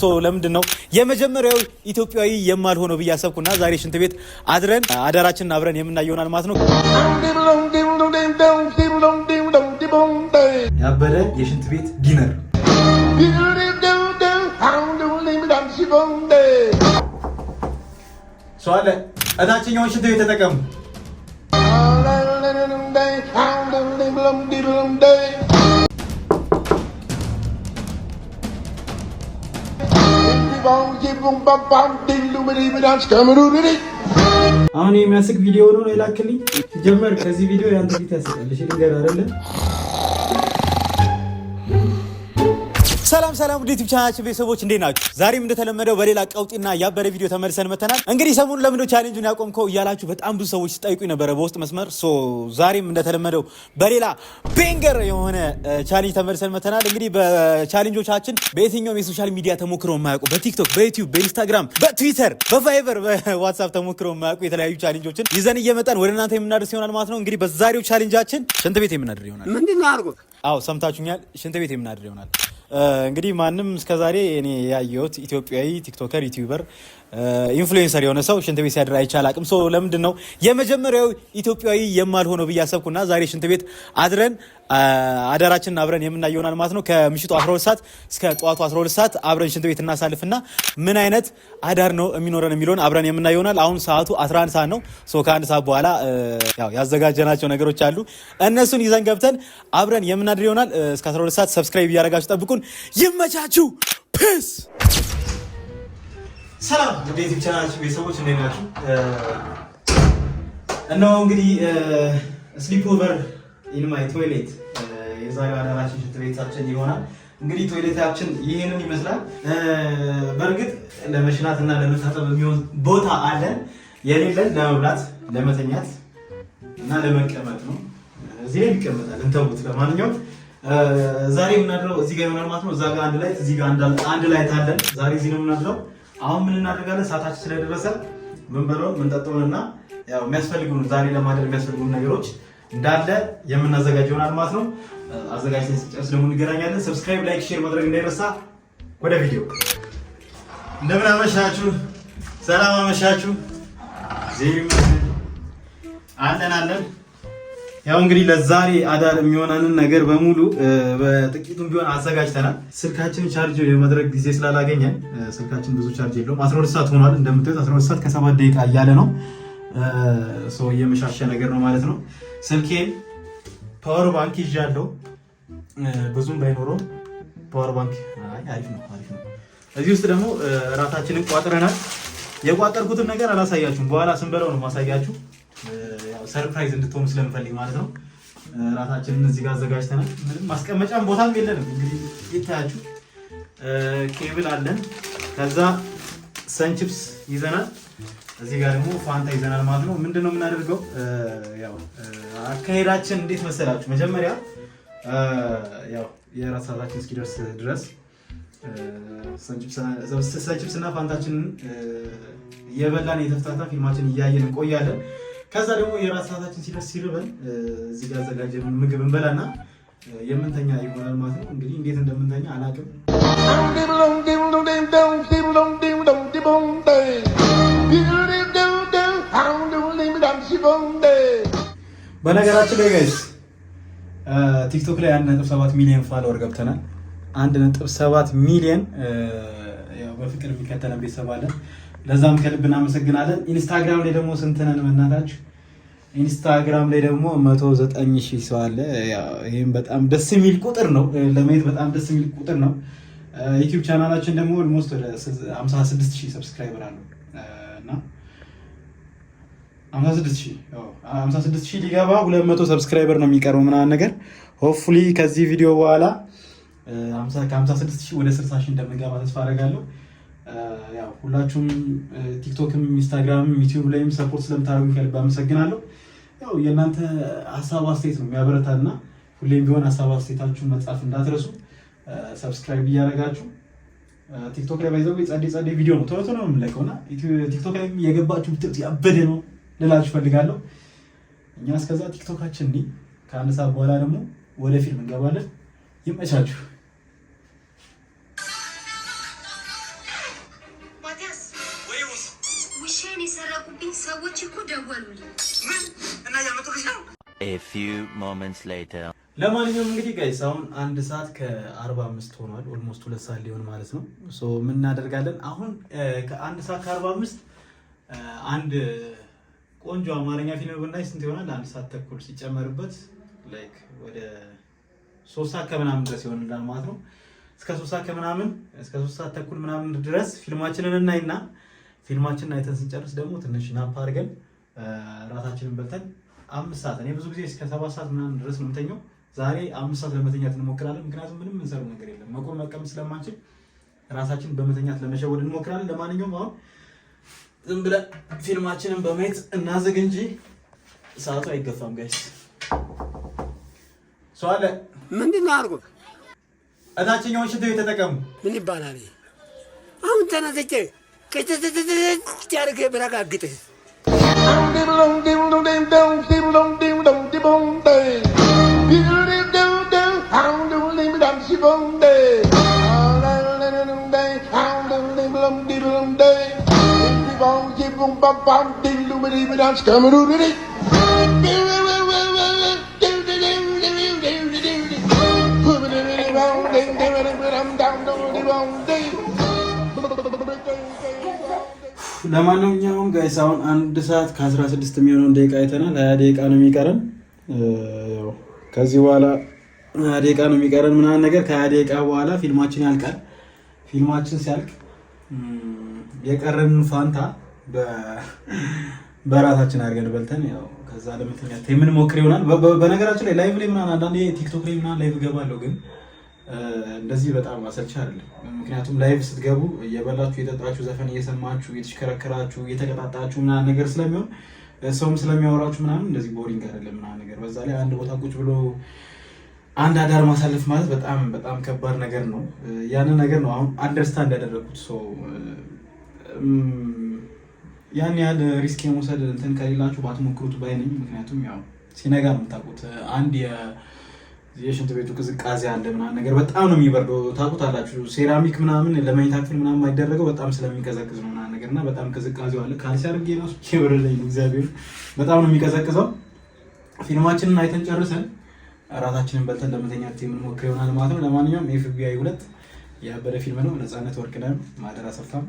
ሶ ለምንድን ነው የመጀመሪያው ኢትዮጵያዊ የማልሆነው ብዬ አሰብኩና ዛሬ ሽንት ቤት አድረን አዳራችንን አብረን የምናየውን አልማት ነው። ያበደ የሽንት ቤት ዲነር ሰዋለ እታችኛውን ሽንት ቤት ተጠቀሙ። አሁን የሚያስቅ ቪዲዮ ነው የላክልኝ። ጀመር ከዚህ ቪዲዮ የአንተ ፊት ያስቃል። እሺ ልንገር አይደለ ሰላም ሰላም ውድ ቻናችን ቤተሰቦች እንዴት ናችሁ? ዛሬም እንደተለመደው በሌላ ቀውጢና ያበረ ቪዲዮ ተመልሰን መተናል። እንግዲህ ሰሞኑን ለምንድን ቻሌንጁን ያቆምከው እያላችሁ በጣም ብዙ ሰዎች ሲጠይቁ ነበረ በውስጥ መስመር። ሶ ዛሬም እንደተለመደው በሌላ ቤንገር የሆነ ቻሌንጅ ተመልሰን መተናል። እንግዲህ በቻሌንጆቻችን በየትኛውም የሶሻል ሚዲያ ተሞክረው የማያውቁ በቲክቶክ፣ በዩቲዩብ፣ በኢንስታግራም፣ በትዊተር፣ በቫይበር፣ በዋትሳፕ ተሞክረው የማያውቁ የተለያዩ ቻሌንጆችን ይዘን እየመጣን ወደ እናንተ የምናደርስ ይሆናል ማለት ነው። እንግዲህ በዛሬው ቻሌንጃችን ሽንት ቤት የምናድር ይሆናል። ምንድን ነው አድርጎት? አዎ ሰምታችሁኛል። ሽንት ቤት የምናድር ይሆናል እንግዲህ ማንም እስከዛሬ እኔ ያየሁት ኢትዮጵያዊ ቲክቶከር ዩቲዩበር ኢንፍሉዌንሰር የሆነ ሰው ሽንት ቤት ሲያድር አይቻል አቅም ሰው ለምንድን ነው የመጀመሪያው ኢትዮጵያዊ የማልሆነው ብዬ አሰብኩና ዛሬ ሽንት ቤት አድረን አዳራችንን አብረን የምናየው ይሆናል ማለት ነው። ከምሽቱ 12 ሰዓት እስከ ጠዋቱ 12 ሰዓት አብረን ሽንት ቤት እናሳልፍና ምን አይነት አዳር ነው የሚኖረን የሚለውን አብረን የምናየው ይሆናል። አሁን ሰዓቱ 11 ሰዓት ነው። ሶ ከአንድ ሰዓት በኋላ ያዘጋጀናቸው ነገሮች አሉ። እነሱን ይዘን ገብተን አብረን የምናድር ይሆናል። እስከ 12 ሰዓት ሰብስክራይብ እያደረጋችሁ ጠብቁን። ይመቻችሁ። ፒስ ሰላም ወደ ዩቲብ ቻናላችን ቤተሰቦች እንዴት ናችሁ? እነሆ እንግዲህ ስሊፕ ኦቨር ኢን ማይ ቶይሌት የዛሬው አዳራችን ሽንት ቤታችን ይሆናል። እንግዲህ ቶይሌታችን ይህንን ይመስላል። በእርግጥ ለመሽናት እና ለመታጠብ የሚሆን ቦታ አለን። የሌለን ለመብላት፣ ለመተኛት እና ለመቀመጥ ነው። እዚህ ላይ ይቀመጣል እንተውት። ለማንኛውም ዛሬ የምናድረው እዚህ ጋር ይሆናል ማለት ነው። እዛ ጋር አንድ ላይ እዚህ ጋር አንድ ላይ ታለን ዛሬ እዚህ ነው የምናድረው አሁን ምን እናደርጋለን? ሰዓታችን ስለደረሰ ምን በለውን ምን ጠጥሆንና የሚያስፈልጉን ዛሬ ለማድረግ የሚያስፈልጉን ነገሮች እንዳለ የምናዘጋጅ ይሆናል ማለት ነው። አዘጋጅተን ስጨርስ ደግሞ እንገናኛለን። ሰብስክራይብ፣ ላይክ፣ ሼር ማድረግ እንዳይረሳ። ወደ ቪዲዮ። እንደምን አመሻችሁ፣ ሰላም አመሻችሁ። ዜም አለን አለን ያው እንግዲህ ለዛሬ አዳር የሚሆነንን ነገር በሙሉ በጥቂቱም ቢሆን አዘጋጅተናል። ስልካችን ቻርጅ የማድረግ ጊዜ ስላላገኘን ስልካችን ብዙ ቻርጅ የለውም። 12 ሰዓት ሆኗል። እንደምታዩት 12 ሰዓት ከሰባት ደቂቃ እያለ ነው። ሰው እየመሻሸ ነገር ነው ማለት ነው። ስልኬን ፓወር ባንክ ይዣለሁ። ብዙም ባይኖረው ፓወር ባንክ አሪፍ ነው፣ አሪፍ ነው። እዚህ ውስጥ ደግሞ እራታችንን ቋጥረናል። የቋጠርኩትን ነገር አላሳያችሁም። በኋላ ስንበላው ነው ማሳያችሁ። ሰርፕራይዝ እንድትሆኑ ስለምፈልግ ማለት ነው። እራታችንን እዚህ ጋር አዘጋጅተናል። ምንም ማስቀመጫም ቦታም የለንም። እንግዲህ ይታያችሁ ኬብል አለን። ከዛ ሰንቺፕስ ይዘናል። እዚህ ጋር ደግሞ ፋንታ ይዘናል ማለት ነው። ምንድን ነው የምናደርገው? ያው አካሄዳችን እንዴት መሰላችሁ? መጀመሪያ ያው የራት ሰዓታችን እስኪደርስ ድረስ ሰንቺፕስ እና ፋንታችንን እየበላን የተፍታታ ፊልማችን እያየን እንቆያለን። ከዛ ደግሞ የራት ሰዓታችን ሲደርስ ሲርበን እዚህ ጋር አዘጋጀን ምግብ እንበላና የምንተኛ ይሆናል ማለት ነው። እንግዲህ እንዴት እንደምንተኛ አላውቅም። በነገራችን ላይ ጋይስ ቲክቶክ ላይ አንድ ነጥብ ሰባት ሚሊዮን ፋሎወር ገብተናል። አንድ ነጥብ ሰባት ሚሊዮን በፍቅር የሚከተለን ቤተሰብ አለን። ለዛም ከልብ እናመሰግናለን። ኢንስታግራም ላይ ደግሞ ስንት ነን መናታችሁ? ኢንስታግራም ላይ ደግሞ መቶ ዘጠኝ ሺህ ሰው አለ። ይህም በጣም ደስ የሚል ቁጥር ነው፣ ለማየት በጣም ደስ የሚል ቁጥር ነው። ዩቲዩብ ቻናላችን ደግሞ ኦልሞስት ወደ 56 ሺህ ሰብስክራይበር አለው እና 56 ሺህ ሊገባ 200 ሰብስክራይበር ነው የሚቀርበው ምናምን ነገር ሆፕፉሊ ከዚህ ቪዲዮ በኋላ ከ56 ሺህ ወደ 60 ሺህ እንደምንገባ ተስፋ አደርጋለሁ። ያው ሁላችሁም ቲክቶክም ኢንስታግራምም ዩቲዩብ ላይም ሰፖርት ስለምታደርጉ ከልብ አመሰግናለሁ። ያው የእናንተ ሀሳብ አስተያየት ነው የሚያበረታል እና ሁሌም ቢሆን ሀሳብ አስተያየታችሁን መጻፍ እንዳትረሱ። ሰብስክራይብ እያደረጋችሁ ቲክቶክ ላይ ባይዘው ጸዴ ጸዴ ቪዲዮ ነው ቶሎ ቶሎ ነው የምንለቀው እና ቲክቶክ ላይ የገባችሁ ጥብጥ ያበደ ነው ልላችሁ ፈልጋለሁ። እኛ እስከዛ ቲክቶካችን ከአንድ ሰዓት በኋላ ደግሞ ወደ ፊልም እንገባለን። ይመቻችሁ። ለማንኛውም እንግዲህ ጋይስ አሁን አንድ ሰዓት ከአርባ አምስት ሆኗል። ኦልሞስት ሁለት ሰዓት ሊሆን ማለት ነው። ምን እናደርጋለን አሁን uh, ከአንድ ሰዓት ከአርባ አምስት uh, አንድ ቆንጆ አማርኛ ፊልም ብናይ ስንት ይሆናል? አንድ ሰዓት ተኩል ሲጨመርበት ላይክ ወደ ሶስት ሰዓት ከምናምን ድረስ ይሆንላል ማለት ነው። እስከ ሶስት ሰዓት ከምናምን እስከ ሶስት ሰዓት ተኩል ምናምን ድረስ ፊልማችንን እናይና ፊልማችንን አይተን ስንጨርስ ደግሞ ትንሽ ናፓ አድርገን uh, ራሳችንን በልተን አምስት ሰዓት እኔ ብዙ ጊዜ እስከ ሰባት ሰዓት ምናምን ድረስ ነው የምተኘው። ዛሬ አምስት ሰዓት ለመተኛት እንሞክራለን። ምክንያቱም ምንም እንሰራው ነገር የለም መቆም መቀም ስለማንችል ራሳችን በመተኛት ለመሸወድ እንሞክራለን። ለማንኛውም አሁን ዝም ብለን ፊልማችንን በማየት እናዘግ እንጂ ሰዓቱ አይገፋም። ጋይስ ሰዋለ አለ ምንድን ነው አድርጎ እታችኛውን ሽቶ የተጠቀሙ ምን ይባላል? አሁን ተነስቼ ቅጭጭጭ ብረጋግጥህ dong ding dong ding dong ding dong ding dong ding dong day. Ding ding dong ding how do ding dong ding dong day. Coming ለማንኛውም ጋይስ አሁን አንድ ሰዓት ከ16 የሚሆነውን ደቂቃ አይተናል። ሀያ ደቂቃ ነው የሚቀረን። ከዚህ በኋላ ሀያ ደቂቃ ነው የሚቀረን ምናምን ነገር። ከሀያ ደቂቃ በኋላ ፊልማችን ያልቃል። ፊልማችን ሲያልቅ የቀረን ፋንታ በራሳችን አድርገን በልተን ያው ከዛ ለመተኛት የምንሞክር ይሆናል። በነገራችን ላይ ላይቭ ላይ ምናምን አንዳንዴ ቲክቶክ ላይ ምናምን ላይቭ እገባለሁ ግን እንደዚህ በጣም አሰልች አይደለም። ምክንያቱም ላይቭ ስትገቡ እየበላችሁ እየጠጣችሁ ዘፈን እየሰማችሁ እየተሽከረከራችሁ እየተቀጣጣችሁ ምናምን ነገር ስለሚሆን ሰውም ስለሚያወራችሁ ምናምን እንደዚህ ቦሪንግ አይደለም ምናምን ነገር። በዛ ላይ አንድ ቦታ ቁጭ ብሎ አንድ አዳር ማሳለፍ ማለት በጣም በጣም ከባድ ነገር ነው። ያንን ነገር ነው አሁን አንደርስታንድ ያደረኩት። ሰው ያን ያህል ሪስክ የመውሰድ እንትን ከሌላችሁ ባትሞክሩት ባይነኝ። ምክንያቱም ያው ሲነጋ ነው የምታውቁት አንድ የሽንት ቤቱ ቅዝቃዜ አለ ምናምን ነገር በጣም ነው የሚበርደው። ታቁት አላችሁ ሴራሚክ ምናምን ለመኝታ ክፍል ምናምን የማይደረገው በጣም ስለሚቀዘቅዝ ነው ምናምን ነገር እና በጣም ቅዝቃዜው አለ። ካልሲ አድርጌ ነው የበረለኝ እግዚአብሔር በጣም ነው የሚቀዘቅዘው። ፊልማችንን አይተን ጨርሰን እራታችንን በልተን ለመተኛት የምንሞክር ይሆናል ማለት ነው። ለማንኛውም ኤፍቢአይ ሁለት ያበደ ፊልም ነው። ነፃነት ወርቅነህ፣ ማደር አሰፋም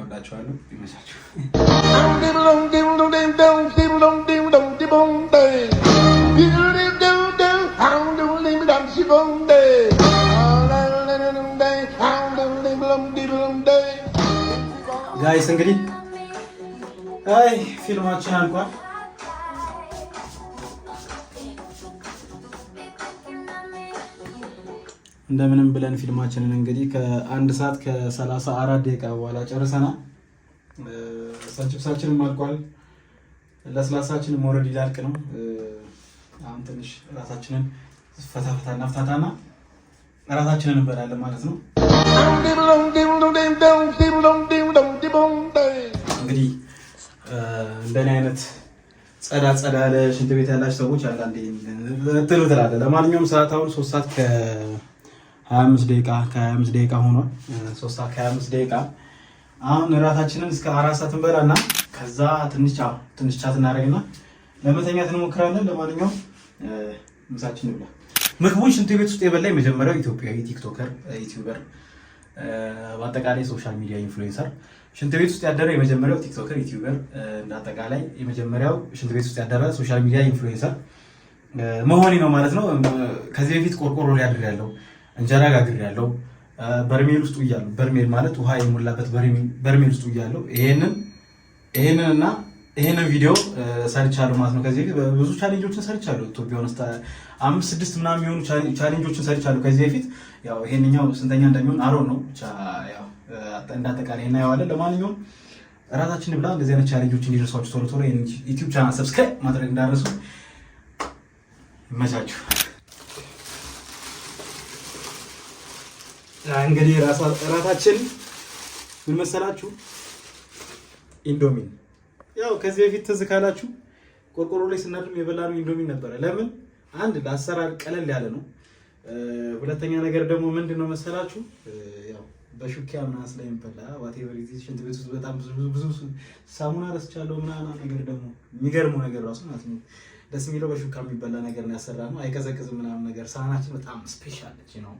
ወዳችኋለሁ። ይመቻችሁ። blum day. ጋይስ እንግዲህ አይ ፊልማችን አልቋል። እንደምንም ብለን ፊልማችንን እንግዲህ ከአንድ ሰዓት ከሰላሳ አራት ደቂቃ በኋላ ጨርሰናል። ሳችብሳችንም አልቋል። ለስላሳችንም ኦልሬዲ ሊያልቅ ነው። አሁን ትንሽ ራሳችንን ፈታፈታና ፍታታና እራታችንን እንበላለን ማለት ነው። እንግዲህ እንደኔ አይነት ጸዳ ጸዳ ያለ ሽንት ቤት ያላችሁ ሰዎች አንዳንዴ ትል ትላለ። ለማንኛውም ሰዓት አሁን ሶስት ሰዓት ከ25 ደቂቃ ከ25 ደቂቃ ሆኗል። ሶስት ሰዓት ከ25 ደቂቃ አሁን እራታችንን እስከ አራት ሰዓት እንበላና ከዛ ትንሽ ትንሽ ቻት እናደርግና ለመተኛት እንሞክራለን። ለማንኛውም ምሳችን ይብላል። ምግቡን ሽንት ቤት ውስጥ የበላ የመጀመሪያው ኢትዮጵያዊ ቲክቶከር፣ ዩቲዩበር፣ በአጠቃላይ ሶሻል ሚዲያ ኢንፍሉዌንሰር ሽንት ቤት ውስጥ ያደረ የመጀመሪያው ቲክቶከር ዩቲዩበር፣ እንዳጠቃላይ የመጀመሪያው ሽንት ቤት ውስጥ ያደረ ሶሻል ሚዲያ ኢንፍሉዌንሰር መሆኔ ነው ማለት ነው። ከዚህ በፊት ቆርቆሮ ሊያድር ያለው እንጀራ ጋግር ያለው በርሜል ውስጥ ውያለሁ። በርሜል ማለት ውሃ የሞላበት በርሜል ውስጥ ውያለሁ። ይሄንን ይሄንን እና ይህንን ቪዲዮ ሰርቻለሁ ማለት ነው። ከዚህ በፊት ብዙ ቻሌንጆችን ሰርቻለሁ። ኢትዮጵያ ውስጥ አምስት ስድስት ምናምን የሚሆኑ ቻሌንጆችን ሰርቻለሁ ከዚህ በፊት ያው ይሄንኛው ስንተኛ እንደሚሆን አሮ ነው ብቻ ያው እንዳጠቃላይ እናየዋለን። ለማንኛውም እራታችን ብላ እንደዚህ አይነት ቻሌንጆች እንዲደርሷችሁ ቶሎ ቶሎ ዩቲዩብ ቻናል ሰብስክራይብ ማድረግ እንዳረሱ ይመቻችሁ። እንግዲህ እራታችን ምን መሰላችሁ? ኢንዶሚን ያው ከዚህ በፊት ትዝ ካላችሁ ቆርቆሮ ላይ ስናድም የበላነው ኢንዶሚ ነበረ። ለምን? አንድ ለአሰራር ቀለል ያለ ነው። ሁለተኛ ነገር ደግሞ ምንድነው መሰላችሁ ያው በሹኪያ ምናምን ስለሚበላ ዋቴቨር ሽንት ቤት ውስጥ በጣም ብዙ ብዙ ሳሙና ረስቻለሁ ምናምን ነገር ደግሞ የሚገርመው ነገር ራሱ ማለት ነው ደስ የሚለው በሹካ የሚበላ ነገር ነው ያሰራነው። ነው አይቀዘቅዝም ምናምን ነገር ሳህናችን በጣም ስፔሻል ነች ነው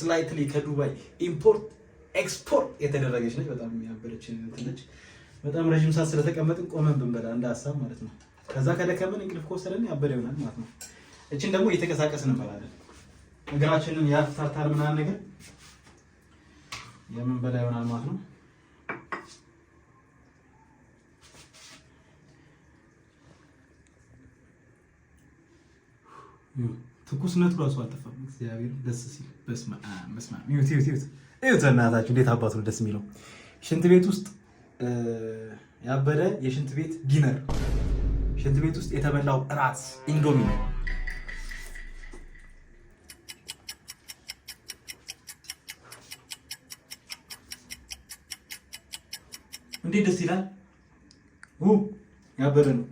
ስላይትሊ ከዱባይ ኢምፖርት ኤክስፖርት የተደረገች ነች በጣም የሚያበረችን ነች በጣም ረዥም ሰዓት ስለተቀመጥን ቆመን ብንበላ እንደ ሀሳብ ማለት ነው። ከዛ ከደከመን እንቅልፍ ከወሰደን ያበደ ይሆናል ማለት ነው። እችን ደግሞ እየተንቀሳቀስን እንበላለን። እግራችንን ያፍታታል ምናምን ነገር የምንበላ ይሆናል ማለት ነው። ትኩስነቱ ራሱ አልጠፋም። እግዚአብሔር ደስ ሲል በስመ አብ በስመ አብ። ይኸው እናታችሁ እንዴት አባቱ ደስ የሚለው ሽንት ቤት ውስጥ ያበደ የሽንት ቤት ዲነር፣ ሽንት ቤት ውስጥ የተበላው እራት ኢንዶሚ እንዴት ደስ ይላል! ው ያበደ ነው።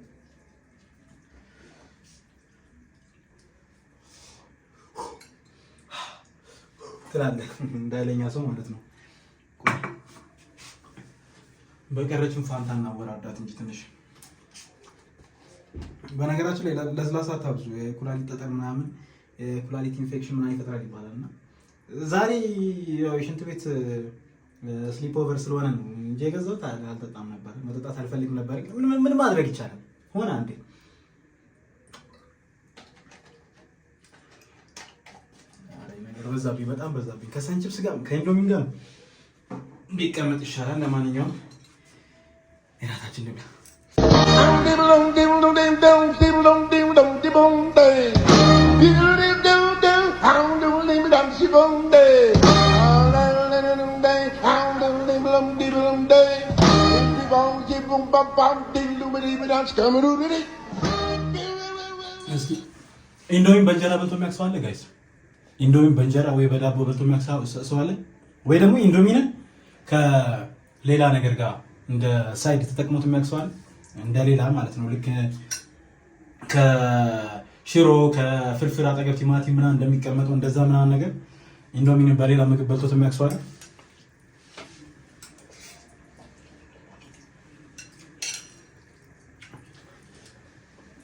ትላለህ እንዳይለኛ ሰው ማለት ነው። በቀረችን ፋንታ እናወራዳት እንጂ ትንሽ። በነገራችን ላይ ለስላሳ ታብዙ የኩላሊት ጠጠር ምናምን የኩላሊት ኢንፌክሽን ምናምን ይፈጥራል ይባላል እና ዛሬ ያው የሽንት ቤት ስሊፕ ኦቨር ስለሆነ ነው እንጂ የገዛሁት አልጠጣም ነበር፣ መጠጣት አልፈልግም ነበር። ምን ማድረግ ይቻላል ሆነ አንዴ በዛብኝ በጣም በዛብኝ። ከሰንችብስ ጋር ከኢንዶሚን ጋር ቢቀመጥ ይሻላል። ለማንኛውም የራሳችን ልብላ። ኢንዶሚን በእንጀራ በልቶ የሚያክሰው አለ ጋይስ? ኢንዶሚን በእንጀራ ወይ በዳቦ በልቶ የሚያክሰው አለ ወይ ደግሞ ኢንዶሚንን ከሌላ ነገር ጋር እንደ ሳይድ ተጠቅሞት የሚያቅሰዋል እንደ ሌላ ማለት ነው። ልክ ከሽሮ ከፍርፍር አጠገብ ቲማቲም ምናምን እንደሚቀመጠው እንደዛ ምናምን ነገር ኢንዶሚን በሌላ ምግብ በልቶት የሚያቅሰዋል።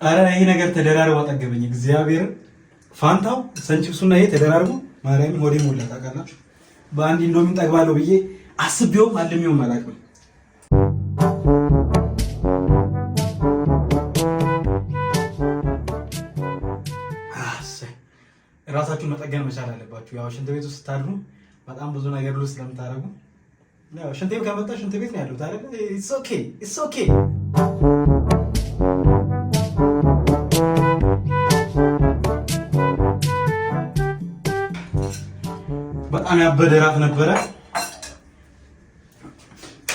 አረ ይህ ነገር ተደራርቦ አጠገበኝ። እግዚአብሔር ፋንታው ሰንቺፕሱና ይሄ ተደራርቦ ማርያምን ሆዴ ሞላ። ታውቃላችሁ በአንድ ኢንዶሚን ጠግባለሁ ብዬ አስቤውም አልሜውም አላውቅም። ራሳችሁን መጠገን መቻል አለባችሁ። ያው ሽንት ቤት ውስጥ ስታድሩ በጣም ብዙ ነገር ሁሉ ስለምታደርጉ ያው ሽንት ቤት ከመጣ ሽንት ቤት ነው ያሉት አይደል? ኢትስ ኦኬ ኢትስ ኦኬ በጣም ያበደ ራት ነበረ።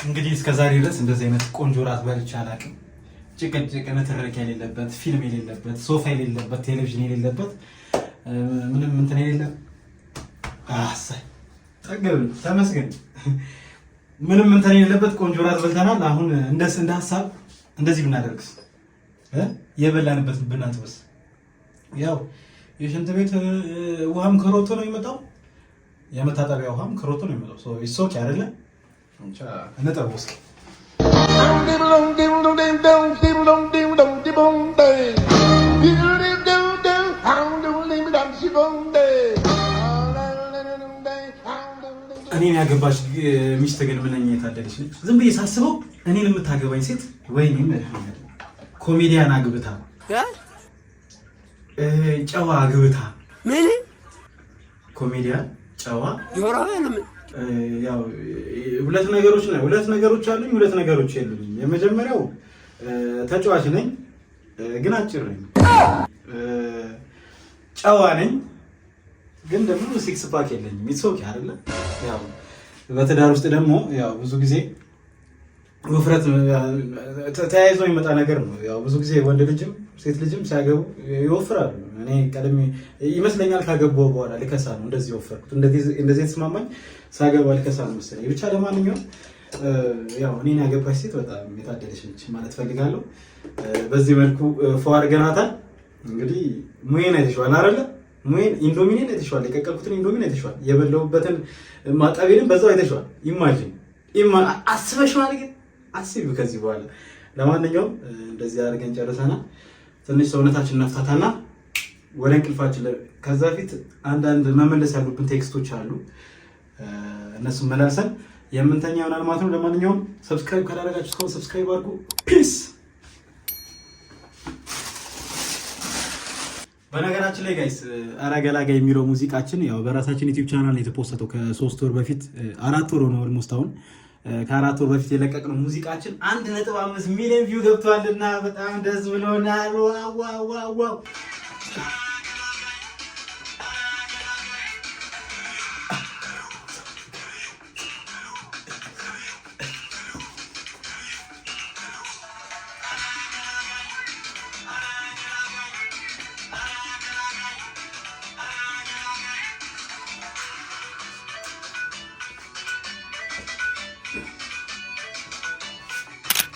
እንግዲህ እስከዛሬ ድረስ እንደዚህ አይነት ቆንጆ ራት በልቼ አላውቅም። ጭቅጭቅ፣ ንትርክ የሌለበት ፊልም የሌለበት ሶፋ የሌለበት ቴሌቪዥን የሌለበት ምንም እንትን የለም። አሳይ ተመስገን። ምንም እንትን የሌለበት ቆንጆ ራት በልተናል። አሁን እንደስ እንደ ሀሳብ እንደዚህ ብናደርግስ የበላንበት ብናጥብስ? ያው የሽንት ቤት ውሃም ከሮቶ ነው የመጣው፣ የመታጠቢያ ውሃም ከሮቶ ነው የመጣው። ሶ ኢትስ ኦኬ አይደለ? እንቻ እንጠብ እስኪ እኔን ያገባች ሚስት ግን ምንኛ የታደለች ነች። ዝም ብዬ ሳስበው እኔን የምታገባኝ ሴት ወይኔ ኮሜዲያን አግብታ ጨዋ አግብታ ምን ኮሜዲያን ጨዋ ያው ሁለት ነገሮች ነው። ሁለት ነገሮች አሉኝ፣ ሁለት ነገሮች የሉኝ። የመጀመሪያው ተጫዋች ነኝ ግን አጭር ነኝ። ጨዋ ነኝ ግን ደግሞ ሲክስ ፓክ የለኝም። ይትሶኪ አይደለም። ያው በትዳር ውስጥ ደግሞ ያው ብዙ ጊዜ ውፍረት ተያይዞ የሚመጣ ነገር ነው። ያው ብዙ ጊዜ ወንድ ልጅም ሴት ልጅም ሲያገቡ ይወፍራሉ። እኔ ቀደም ይመስለኛል ካገባሁ በኋላ ልከሳ ነው እንደዚህ ወፈርኩት፣ እንደዚህ የተስማማኝ ሳገባ ልከሳ ነው መሰለኝ። ብቻ ለማንኛውም ያው እኔን ያገባች ሴት በጣም የታደለች ነች ማለት ፈልጋለሁ። በዚህ መልኩ ፎ ገናታል እንግዲህ ሙዬን አይተሽዋል አይደለ? ኢንዶሚኒን አይተሽዋል። የቀቀልኩትን ኢንዶሚን አይተሽዋል። የበለውበትን ማጠቤንም በዛው አይተሽዋል። ኢማጂን ኢማን አስበሽዋል። ግን አስቢ ከዚህ በኋላ ለማንኛውም እንደዚህ አድርገን ጨርሰና ትንሽ ሰውነታችን ነፍታታና ወደ እንቅልፋችን ከዛ በፊት አንዳንድ መመለስ ያሉብን ቴክስቶች አሉ። እነሱም መላልሰን የምንተኛ ይሆናል ማለት ነው። ለማንኛውም ሰብስክራይብ ካላደረጋችሁ እስካሁን ሰብስክራይብ አድርጉ። ፒስ በነገራችን ላይ ጋይስ አረገላጋ የሚለው ሙዚቃችን ያው በራሳችን ዩቲዩብ ቻናል የተፖሰተው ከሶስት ወር በፊት አራት ወር ሆነ ኦልሞስት አሁን ከአራት ወር በፊት የለቀቅነው ሙዚቃችን አንድ ነጥብ አምስት ሚሊዮን ቪው ገብቷልና በጣም ደስ ብሎናል። ዋው ዋው ዋው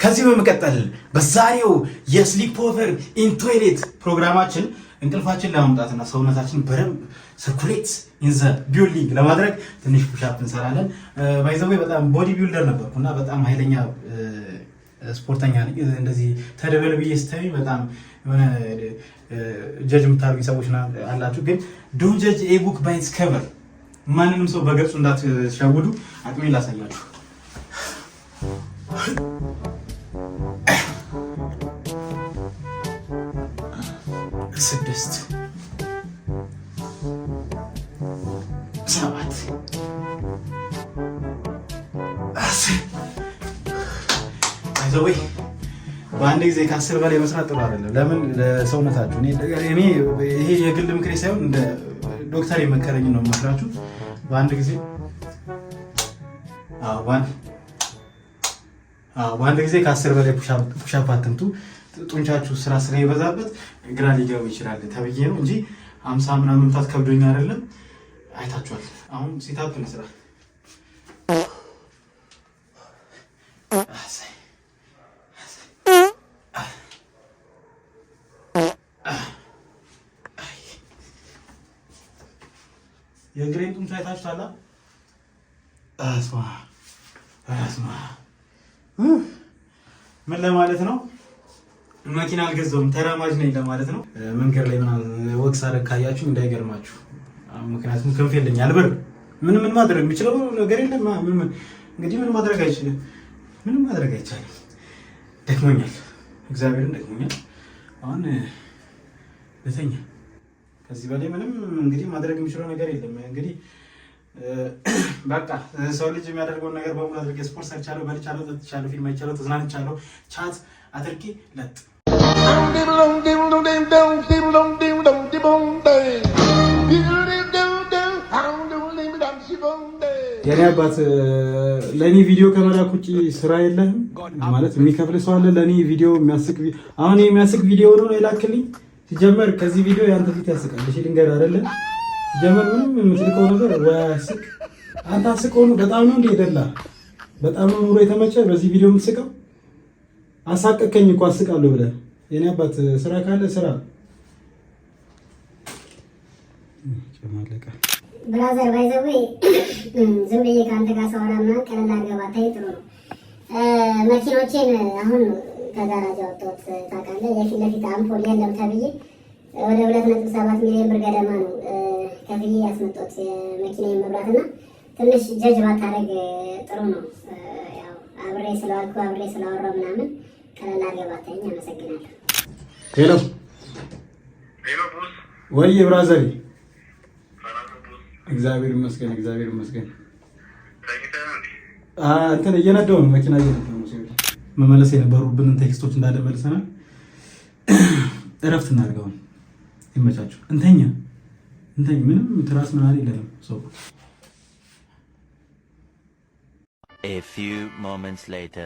ከዚህ በመቀጠል በዛሬው የስሊፖቨር ኢንቶይሌት ፕሮግራማችን እንቅልፋችን ለማምጣትና ሰውነታችን በደንብ ሰርኩሌት ኢንዘ ቢልዲንግ ለማድረግ ትንሽ ፑሻፕ እንሰራለን። ባይዘዌ በጣም ቦዲ ቢልደር ነበርኩና በጣም ኃይለኛ ስፖርተኛ ነኝ። እንደዚህ ተደበል ብዬ ስታዩ በጣም የሆነ ጀጅ የምታደርጉኝ ሰዎች አላችሁ፣ ግን ዶን ጀጅ ኤ ቡክ ባይ ኢትስ ከቨር። ማንንም ሰው በገጹ እንዳትሸውዱ። አቅሜን ላሳያችሁ ስድስት ሰባት ይዘወይ በአንድ ጊዜ ከአስር በላይ መስራት ጥሩ አይደለም። ለምን ለሰውነታችሁ። እኔ ይሄ የግል ምክሬ ሳይሆን እንደ ዶክተር የመከረኝ ነው የምመክራችሁ። በአንድ ጊዜ በአንድ ጊዜ ከአስር በላይ ፑሻፕ አትምቱ። ጡንቻችሁ ስራ ስራ የበዛበት ግራ ሊገቡ ይችላል ተብዬ ነው እንጂ አምሳ ምናምን መምታት ከብዶኝ አይደለም። አይታችኋል። አሁን ሲታፕ እንስራ። የእግሬን ጡንቻ አይታችኋል። ምን ለማለት ነው? መኪና አልገዛውም ተራማጅ ነኝ ለማለት ነው። መንገድ ላይ ምናምን ወቅስ አደረግ ካያችሁ እንዳይገርማችሁ፣ ምክንያቱም ክንፍ የለኝ አልበር ምን ምን ማድረግ የሚችለው ነገር የለም። እንግዲህ ምን ማድረግ አይችልም፣ ምንም ማድረግ አይቻልም። ደክሞኛል፣ እግዚአብሔርን ደክሞኛል። አሁን ልተኛ። ከዚህ በላይ ምንም እንግዲህ ማድረግ የሚችለው ነገር የለም። እንግዲህ በቃ ሰው ልጅ የሚያደርገውን ነገር በሙሉ አድርጌ ስፖርት ሰርቻለሁ፣ በልቻለሁ፣ ጠጥቻለሁ፣ ፊልም አይቻለሁ፣ ተዝናንቻለሁ፣ ቻት አድርጌ ለጥ የኔ አባት ለእኔ ቪዲዮ ከመላክ ውጭ ስራ የለህም ማለት የሚከፍል ሰው አለ? ለእኔ ቪዲዮ የሚያስቅ አሁን የሚያስቅ ቪዲዮ ነው የላክልኝ። ሲጀመር ከዚህ ቪዲዮ የአንተ ፊት ያስቃል። እሺ ልንገር አይደለ ሲጀመር ምንም የምትልቀው ነገር ወያስቅ አንተ አስቀው ነው በጣም ነው እንደ ይደላ በጣም ነው ኑሮ የተመቸ በዚህ ቪዲዮ የምትስቀው። አሳቀከኝ እኮ አስቃለሁ ብለህ የኔ አባት ስራ ካለ ስራ ጨማለቃ ብራዘር ባይዘዌ ዝም ብዬ ከአንተ ጋር ሰሆና ምናምን ቀለል አድርገህ ባታይ ጥሩ ነው። መኪኖቼን አሁን ከጋራጅ አወጣሁት ታውቃለህ። የፊት ለፊት አምፖል የለም ተብዬ ወደ ሁለት ነጥብ ሰባት ሚሊዮን ብር ገደማ ነው ከፍዬ ያስመጣሁት የመኪና መብራት እና ትንሽ ጀጅ ባታደርግ ጥሩ ነው። አብሬ ስለዋልኩ አብሬ ስለወራሁ ምናምን ቀለል አድርገህ ባታይኝ። አመሰግናለሁ። ሄሎ ወይ ብራዘሪ፣ እግዚአብሔር ይመስገን፣ እግዚአብሔር ይመስገን። እንትን እየነዳሁ ነው፣ መኪና እየነዳሁ ነው። መመለስ የነበሩብንን ቴክስቶች እንዳለ መልሰናል። እረፍት እናድርገውን። ይመቻችሁ። እንተኛ እንተኛ። ምንም ትራስ ምናምን የለም። ሰው A few moments later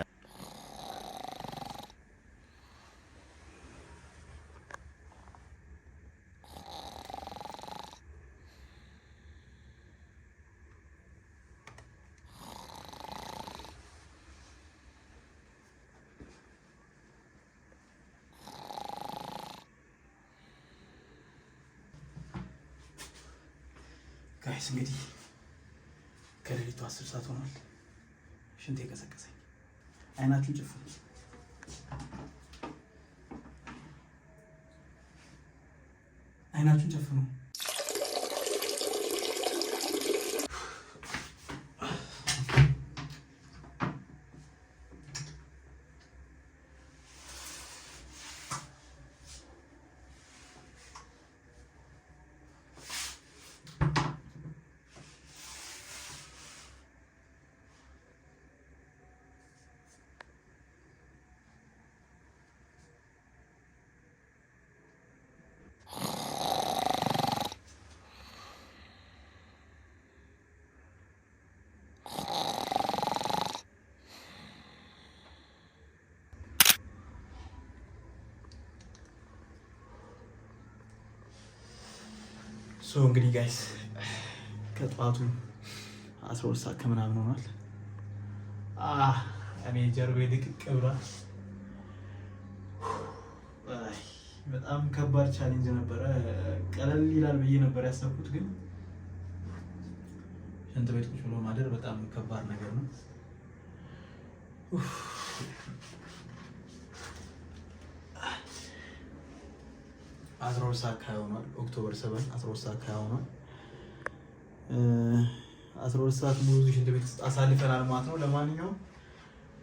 ሶ እንግዲህ ጋይስ ከጠዋቱ አስራ ሁለት ሰዓት ከምናምን ሆኗል። ah, እኔ ጀርቤ ድቅቅ ብሏል። በጣም ከባድ ቻሌንጅ ነበረ። ቀለል ይላል ብዬ ነበር ያሰብኩት፣ ግን ሽንት ቤት ቁጭ ብሎ ማደር በጣም ከባድ ነገር ነው። አስራ ሰዓት ሆኗል። ኦክቶበር ሰዓት ሆኗል። ሰዓት ሙሉ ሽንት ቤት ውስጥ አሳልፈናል ማለት ነው። ለማንኛውም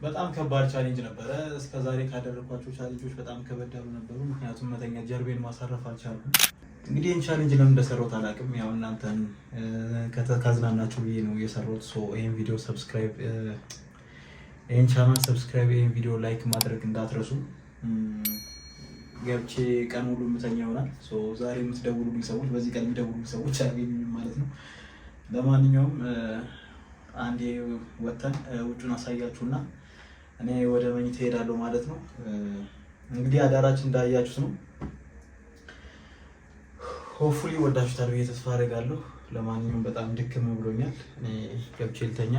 በጣም ከባድ ቻሌንጅ ነበረ። እስከዛሬ ካደረግኳቸው ቻሌንጆች በጣም ከበድ ያሉ ነበሩ። ምክንያቱም መተኛ ጀርቤን ማሳረፍ አልቻልኩም። እንግዲህ ይህን ቻሌንጅ ለምን እንደሰራሁት አላውቅም። ያው እናንተን ካዝናናችሁ ብዬ ነው የሰራሁት። ይህን ቪዲዮ ሰብስክራይብ፣ ይህን ቻናል ሰብስክራይብ፣ ይህን ቪዲዮ ላይክ ማድረግ እንዳትረሱ። ገብቼ ቀን ሁሉ የምተኛ ይሆናል። ዛሬ የምትደውሉልኝ ሰዎች በዚህ ቀን የሚደውሉ ሰዎች አያገኙኝም ማለት ነው። ለማንኛውም አንዴ ወተን ውጩን አሳያችሁና እኔ ወደ መኝ ትሄዳለሁ ማለት ነው። እንግዲህ አዳራችን እንዳያችሁት ነው። ሆፉሊ ወዳችሁታል ብዬ ተስፋ አደርጋለሁ። ለማንኛውም በጣም ድክም ብሎኛል። ገብቼ ልተኛ።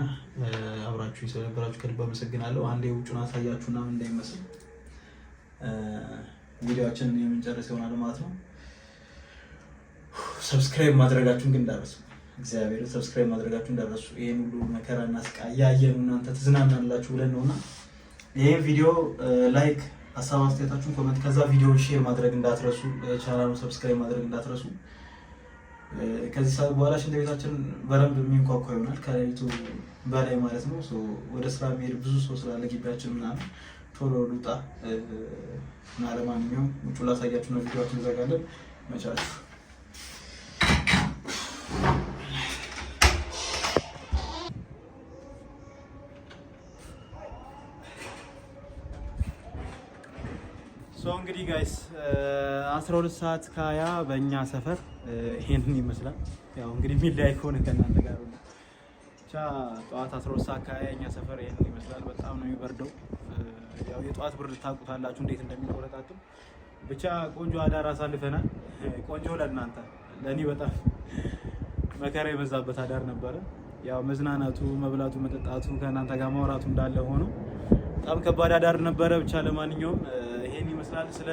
አብራችሁ ስለነበራችሁ ከልብ አመሰግናለሁ። አንዴ ውጩን አሳያችሁና ምን እንዳይመስል ቪዲዮዎችን የምንጨርስ ይሆናል ማለት ነው። ሰብስክራይብ ማድረጋችሁን ግን እንዳረሱ እግዚአብሔር ሰብስክራይብ ማድረጋችሁ እንዳረሱ። ይህን ሁሉ መከራ እና ስቃይ ያየን እናንተ ትዝናናላችሁ ብለን ነውና ይህን ቪዲዮ ላይክ፣ ሀሳብ አስተያየታችሁን ኮመንት፣ ከዛ ቪዲዮ ሼር ማድረግ እንዳትረሱ፣ ቻናሉን ሰብስክራይብ ማድረግ እንዳትረሱ። ከዚህ ሰዓት በኋላ ሽንት ቤታችን በደንብ የሚንኳኳ ይሆናል ከሌሊቱ በላይ ማለት ነው። ወደ ስራ የሚሄድ ብዙ ሰው ስላለ ግቢያችን ምናምን ቶሎ ልውጣ እና ለማንኛውም ውጭ ላሳያችሁ ነው። ቪዲዮችን እንዘጋለን። መቻችሁ እንግዲህ ጋይስ 12 ሰዓት ከሀያ በእኛ ሰፈር ይሄንን ይመስላል። ያው እንግዲህ ሚላይ ከሆነ ከእናንተ ጋር ብቻ ጠዋት 12 ሰዓት ከሀያ እኛ ሰፈር ይሄንን ይመስላል። በጣም ነው የሚበርደው። ያው የጠዋት ብርድ ታውቁታላችሁ እንዴት እንደሚቆረጣጥም። ብቻ ቆንጆ አዳር አሳልፈናል። ቆንጆ ለእናንተ ለእኔ በጣም መከራ የበዛበት አዳር ነበረ። ያው መዝናናቱ፣ መብላቱ፣ መጠጣቱ ከእናንተ ጋር ማውራቱ እንዳለ ሆኖ በጣም ከባድ አዳር ነበረ። ብቻ ለማንኛውም ይሄን ይመስላል። ስለ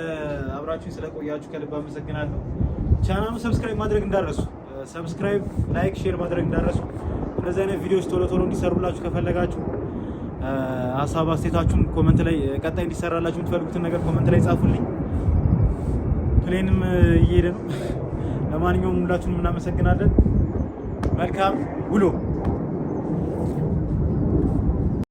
አብራችሁ ስለቆያችሁ ከልብ አመሰግናለሁ። ቻናሉ ሰብስክራይብ ማድረግ እንዳረሱ፣ ሰብስክራይብ፣ ላይክ፣ ሼር ማድረግ እንዳረሱ። እንደዚህ አይነት ቪዲዮዎች ቶሎ ቶሎ እንዲሰሩላችሁ ከፈለጋችሁ ሀሳብ አስተያየታችሁን ኮመንት ላይ ቀጣይ እንዲሰራላችሁ የምትፈልጉትን ነገር ኮመንት ላይ ጻፉልኝ። ፕሌንም እየሄደ ነው። ለማንኛውም ሁላችሁንም እናመሰግናለን። መልካም ውሎ